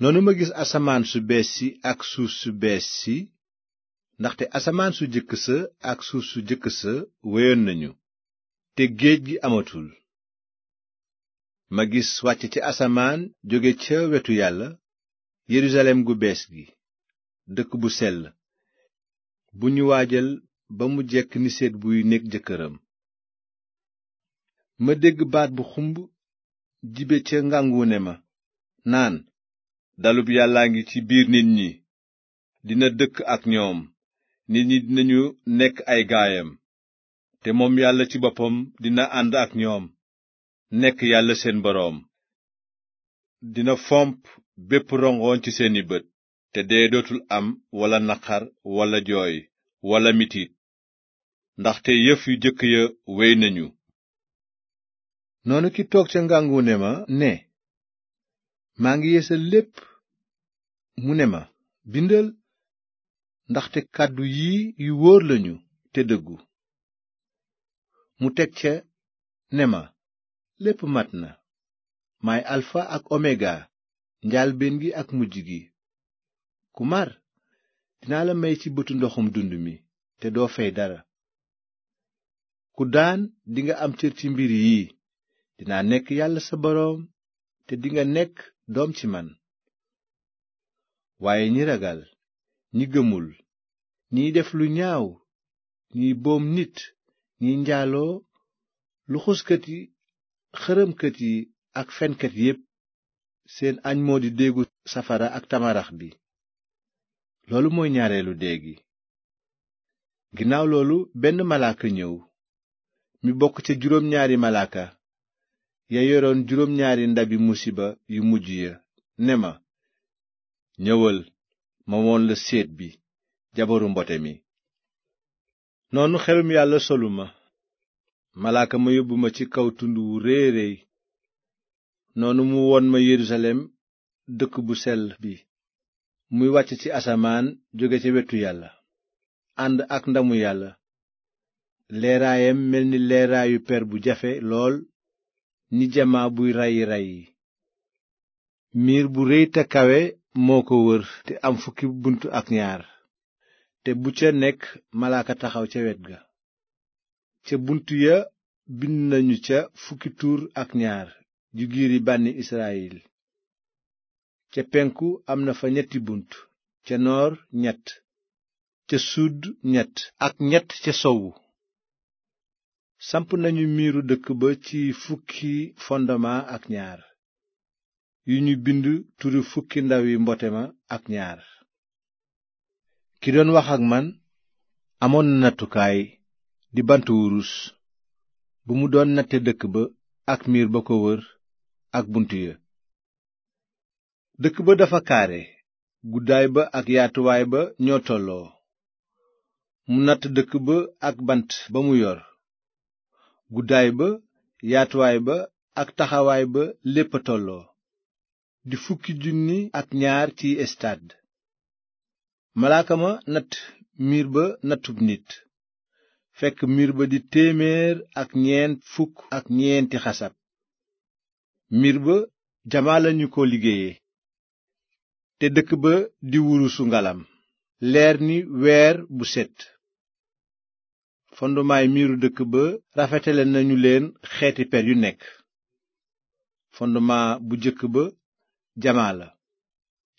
noonu ma gis asamaan su bees si ak suuf su bees si ndaxte asamaan su jëkk sa ak suuf su jëkk sa wéyoon nañu te géej gi amatul ma gis wàcc ci asamaan jóge ca wetu yàlla yerusalem gu bees gi dëkk bu sell bu ñu waajal ba mu jekk ni seet buy nekk jëkkëram ma dégg baat bu xumb jibe ca ngànguune ma naan dalub yàllaa ngi ci biir nit ñi dina dëkk ak ñoom nit ñi dinañu nekk ay gaayam te moom yàlla ci boppam dina ànd ak ñoom nekk yàlla seen boroom dina fomp bépp rongoon ci seeni bët te dee dootul am walla naqar walla jooy walla mitiit ndaxte yëf yu jëkk ya wey nañu toog ca maa ngi yeesal lépp mu ne ma bindal ndaxte kàddu yi yu wóor lañu te dëggu mu teg ca ne ma lépp mat na maay alfa ak omega njaalbéen gi ak mujj gi ku mar dinaa la may ci bëtu ndoxum dund mi te doo fay dara ku daan dinga am cër ci mbir yi dinaa nekk yàlla sa boroom te dinga nekk doom ci man waaye ñi ragal ñi gëmul ñiy def lu ñaaw ñiy boom nit ñiy njaaloo luxuskat yi xërëmkat yi ak fenkat yépp seen añ moo di déegu safara ak tamarax bi loolu mooy ñaareelu dee ginnaaw loolu benn malaaka ñëw mi bokk ca juróom ñaari malaaka ya yoroon juróom ñaari ndabi musiba yu mujj ya ne ma ñëwal ma woon la séet bi jabaru mbote mi noonu xelum yàlla solu ma malaaka ma yóbbu ma ci kaw tund wu réy réy noonu mu won ma yerusalem dëkk bu sell bi muy wàcc ci asamaan jóge ca wetu yàlla ànd ak ndamu yàlla leeraayam mel ni leeraayu per bu jafe lool ni buy rayyi rayyi miir bu réy te kawe moo ko wër te am fukki bunt ak ñaar te bu ca nekk malaaka taxaw ca wet ga ca bunt ya bind nañu ca fukki tuur ak ñaar ju giiri bànni Israyil ca penku am na fa ñetti bunt ca noor ñett ca sud ñett ak ñett ca sowu samp nañu miiru dëkk ba ci fukki fondement ak ñaar yu ñu bind turi fukki ndawi mbote ma ak ñaar ki doon wax ak man amoon na nattukaay di bant wurus bu mu doon natte dëkk ba ak miir ba ko wër ak bunt ya dëkk ba dafa kaare guddaay ba ak yaatuwaay ba ñoo tolloo mu natt dëkk ba ak bant ba mu yor guddaay ba yaatuwaay ba ak taxawaay ba lépp a tolloo di fukki junni ak ñaar ci estade malaaka natt miir ba nattub nit fekk miir ba di téeméer ak ñeent fukk ak ñeenti xasab miir ba jamaa lañu ko liggéeye te dëkk ba di wurusu ngalam leer ni weer bu set fondumaay miiru dëkk ba rafetale nañu leen xeeti per yu nekk fondumaa bu jëkk ba jamaa la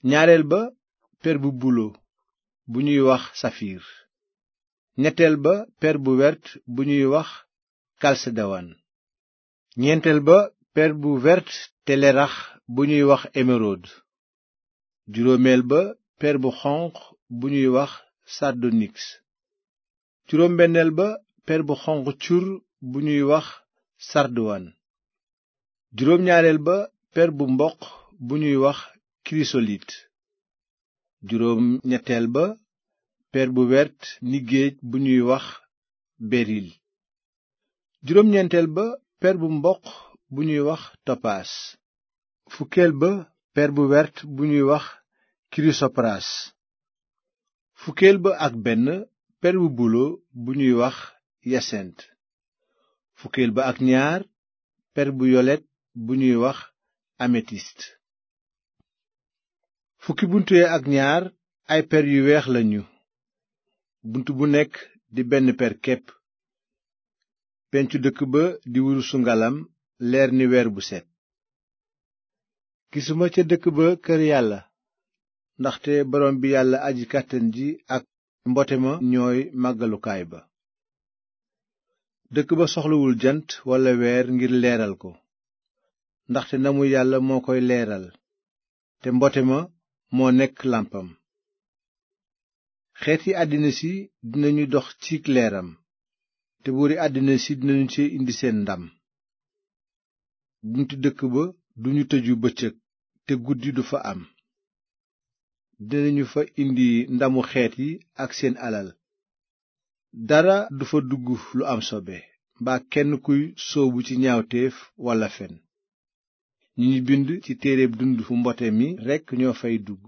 ñaareel ba per bu bulo bu ñuy wax safiir ñetteel ba per bu wert bu ñuy wax kalsedowan ñeenteel ba per bu wert te lerax bu ñuy wax émeraude juróomeel ba per bu xonq bu ñuy wax sardonyx juróom benneel ba per bu xonq cur bu ñuy wax sarduwaan juróom ñaareel ba per bu mboq bu ñuy wax kirisolit juróom ñetteel ba per bu wert ni géej bu ñuy wax beril juróom ñeenteel ba per bu mboq bu ñuy wax topaas fukkeel ba per bu wert bu ñuy wax kirisopraas fukkeel ba ak benn per bu bulo buñuy wax yasent fukkeel ba ak ñaar per bu yolet buñuy wax ametist fukki buntu ak ñaar ay per yu weex lañu bunt bu nekk di benn per képp pencu dëkk ba di wurusu ngalam leer ni weer bu set gisuma ca dëkk ba kër yàlla ndaxte borom bi yàlla aji kàttan ji ak ñooy màggalukaay ba dëkk ba soxlawul jant walla weer ngir leeral ko ndaxte namu yàlla moo koy leeral te mboote ma moo nekk làmpam xeeti àddina si dinañu dox ci leeram te buuri àddina si dinañu ci indi seen ndam bunti dëkk ba duñu tëju bëccëg te guddi du fa am dinañu fa indi ndamu xeet yi ak seen alal dara du fa dugg lu am sobe mbaa kenn kuy soobu ci ñaawteef walla fen ñi ñu bind ci téereb dund fu mbote mi rekk ñoo fay dugg